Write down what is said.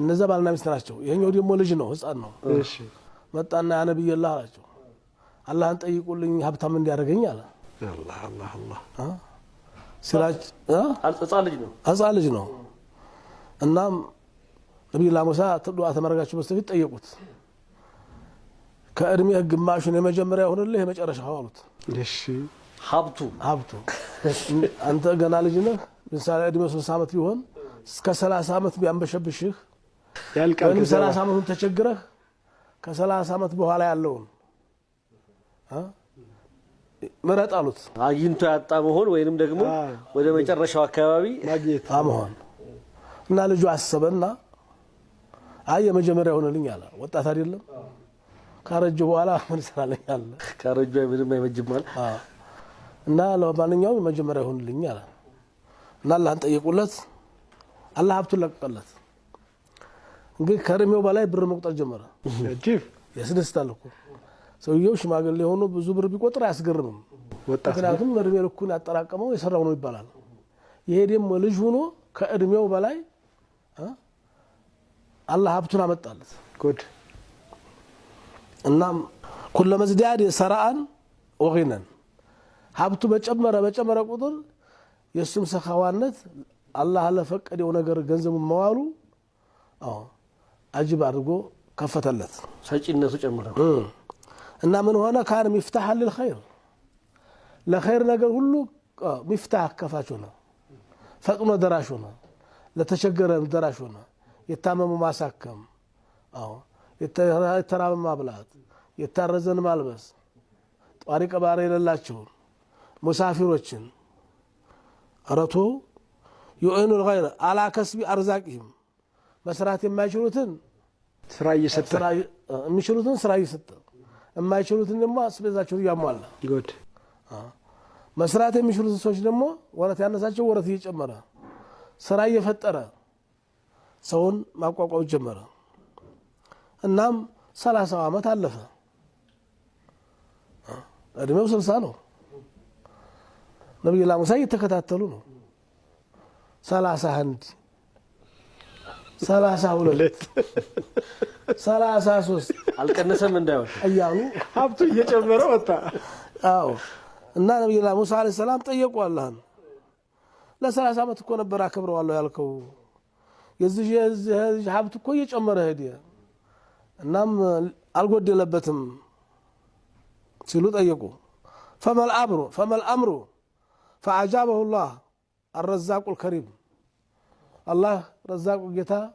እነዛ ባልና ሚስት ናቸው። ይሄኛው ደግሞ ልጅ ነው፣ ህፃን ነው። መጣና ያ ነቢዩላህ አላቸው፣ አላህን ጠይቁልኝ ሀብታም እንዲያደርገኝ አለ። ህፃን ልጅ ነው። እናም ነቢዩላህ ሙሳ ዱዓ ተመረጋችሁ በስተፊት ጠየቁት። ከእድሜህ ግማሹን የመጀመሪያ ሆንልህ የመጨረሻው አሉት። ሀብቱ ሀብቱ አንተ ገና ልጅ ነህ። ምሳሌ እድሜ ሶስት ዓመት ቢሆን እስከ ሰላሳ ዓመት ቢያንበሸብሽህ ያልቃል። ግን ሰላሳ ዓመቱን ተቸግረህ ከሰላሳ ዓመት በኋላ ያለውን ምረጥ አሉት። አግኝቶ ያጣ መሆን ወይንም ደግሞ ወደ መጨረሻው አካባቢ ማግኘት መሆን እና ልጁ አሰበና አይ የመጀመሪያ ሆነልኝ አለ። ወጣት አይደለም ካረጁ በኋላ ምን ይሰራልኝ አለ። ካረጁ ምንም አይመጅም አለ እና ለማንኛውም የመጀመሪያ ይሆንልኝ አለ እና አላህን ጠየቁለት። አላህ ሀብቱን ለቀቀለት። እንግዲህ ከእድሜው በላይ ብር መቁጠር ጀመረ። ያስደስታል እኮ ሰውየው ሽማግሌ ሆኖ ብዙ ብር ቢቆጥር አያስገርምም። ምክንያቱም እድሜ ልኩን ያጠራቀመው የሰራው ነው ይባላል። ይሄ ደግሞ ልጅ ሆኖ ከእድሜው በላይ አላህ ሀብቱን አመጣለት። እናም ኩለመዝዲያድ ሰራአን ወጊነን ሀብቱ በጨመረ በጨመረ ቁጥር የእሱም ሰኻዋነት አላህ ለፈቀደው ነገር ገንዘቡን መዋሉ አጅብ አድርጎ ከፈተለት ሰጪነቱ ጨምረ እና ምን ሆነ? ካን ሚፍታህ ልል ኸይር ለኸይር ነገር ሁሉ ሚፍታህ አከፋች ሆነ፣ ፈጥኖ ደራሽ ሆነ፣ ለተቸገረ ደራሽ ሆነ። የታመሙ ማሳከም፣ የተራበ ማብላት፣ የታረዘን ማልበስ፣ ጧሪ ቀባሪ የሌላቸውን ሙሳፊሮችን ረቶ ዩዒኑ ልኸይር አላ ከስቢ መስራት የማይችሉትን ስራ እየሰጠ የሚችሉትን ስራ እየሰጠ የማይችሉትን ደግሞ አስቤዛቸው እያሟላ መስራት የሚችሉትን ሰዎች ደግሞ ወረት ያነሳቸው ወረት እየጨመረ ስራ እየፈጠረ ሰውን ማቋቋም ጀመረ። እናም ሰላሳው ዓመት አለፈ። እድሜው ስልሳ ነው። ነቢዩላህ ሙሳ እየተከታተሉ ነው። ሰላሳ አንድ ሰላሳ ሁለት ሰላሳ ሶስት አልቀነሰም እንዳይሆን እያሉ ሀብቱ እየጨመረ ወጣ። አዎ እና ነቢዩላህ ሙሳ ዓለይሂ ሰላም ጠየቁ አላህን ለሰላሳ ዓመት እኮ ነበር አከብረዋለሁ ያልከው የዚህ የዚህ ሀብት እኮ እየጨመረ ሄደ፣ እናም አልጎደለበትም ሲሉ ጠየቁ። ፈመል አምሩ ፈአጃበሁ ላህ አረዛቁ ልከሪም الله رزاق وجتا